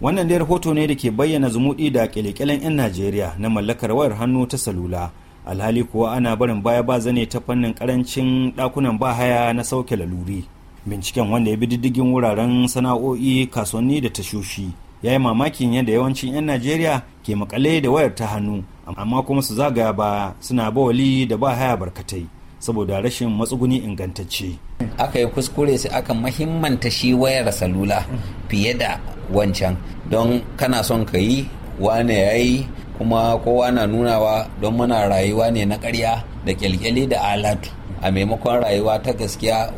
wannan dai rahoto ne da ke bayyana zumuɗi da kyalekyalen 'yan najeriya na mallakar wayar hannu ta salula alhali kuwa ana barin baya ba zane ta fannin karancin ɗakunan bahaya na sauke laluri binciken wanda ya bi diddigin wuraren sana'o'i kasuwanni da tashoshi ya yi mamakin yadda yawancin 'yan najeriya ke makale da wayar ta hannu amma kuma su zagaya ba suna bawali da bahaya barkatai saboda rashin matsuguni ingantacce aka yi kuskure sai aka mahimmanta shi wayar salula fiye da wancan don kana son ka yi wane ya yi kuma kowa na nunawa don muna rayuwa ne na karya da kyalkyali da alatu a maimakon rayuwa ta gaskiya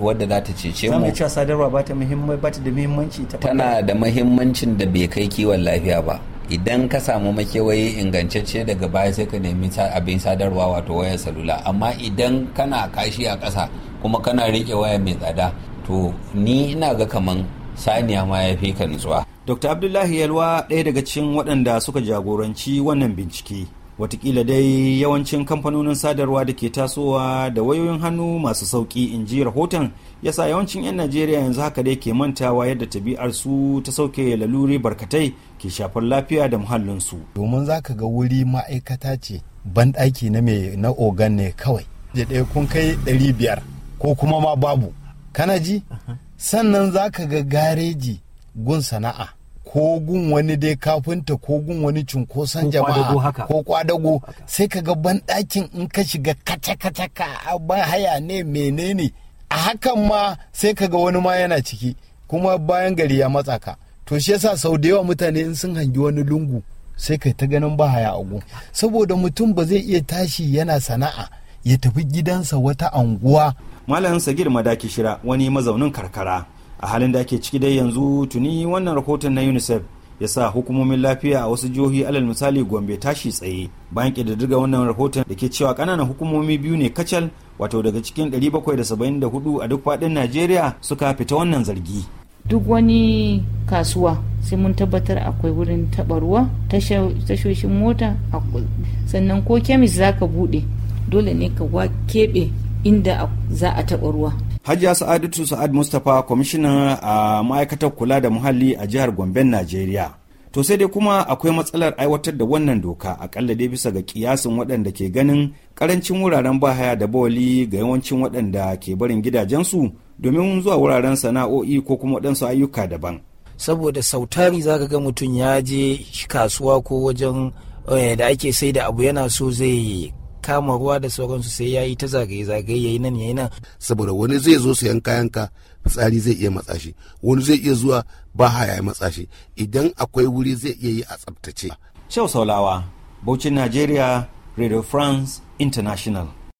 wadda za ta cece mu cewa sadarwa ba ta ba ta da muhimmanci ta tana da muhimmancin da bai kai kiwon lafiya ba idan ka samu makewayi ingantacce daga baya sai ka nemi abin sadarwa wato wayar salula amma idan kana kashi a ƙasa kuma kana riƙe waya mai tsada to ni ina ga kaman saniya ma ya fi ka nutsuwa dr abdullahi yalwa ɗaya daga cikin waɗanda suka jagoranci wannan bincike watakila dai yawancin kamfanonin sadarwa da ke tasowa da wayoyin hannu masu sauƙi in ji rahoton ya sa yawancin 'yan najeriya yanzu haka dai ke mantawa yadda tabi'ar su ta sauke laluri barkatai ke shafar lafiya da muhallinsu domin za ka ga wuri ma'aikata ce banɗaki na mai na ogan ne kawai da ɗaya kun kai ɗari biyar ko kuma ma babu kana ji sannan za ka ga gareji gun sana'a ko gun wani dai kafinta ko gun wani cunkoson jama'a ko kwadago sai ka ga banɗakin in ka shiga kaca-kaca ka ban haya ne menene a hakan ma sai ka ga wani ma yana ciki kuma bayan gari ya matsa ka to shi yasa sau da yawa mutane in sun hangi wani lungu sai kai ta ganin ba haya agu saboda mutum ba zai iya tashi yana sana'a ya tafi gidansa wata anguwa malam sagir madaki shira wani mazaunin karkara a halin da ake ciki dai yanzu tuni wannan rahoton na unicef ya sa hukumomin lafiya a wasu jihohi alal misali gombe tashi tsaye bayan ƙididdiga wannan rahoton da ke cewa ƙananan hukumomi biyu ne kacal wato daga cikin 774 a duk faɗin najeriya suka fita wannan zargi duk wani kasuwa sai mun tabbatar akwai wurin taɓa ruwa tashoshin mota sannan ko kemis za ka buɗe dole ne ka wa keɓe inda za a taɓa ruwa Hajiya Sa'adatu Sa'ad Mustapha kwamishinan a ma'aikatar kula da muhalli a jihar Gombe Najeriya. To sai dai kuma akwai matsalar aiwatar da wannan doka akalla dai bisa ga kiyasin waɗanda ke ganin karancin wuraren bahaya da bawali ga yawancin waɗanda ke barin gidajensu domin zuwa wuraren sana'o'i ko kuma waɗansu ayyuka daban. Saboda sautari za ga mutum ya je kasuwa ko wajen eh, da ake sai da abu yana so zai kama ruwa da sauransu sai ya yi ta zagaye-zagaye ya yi nan ya yi nan saboda wani zai zo sayan ka tsari zai iya matsa shi wani zai iya zuwa ba haya ya matsa shi idan akwai wuri zai iya yi a tsabtace. Shau Saulawa, Bauchin Najeriya, Radio France International.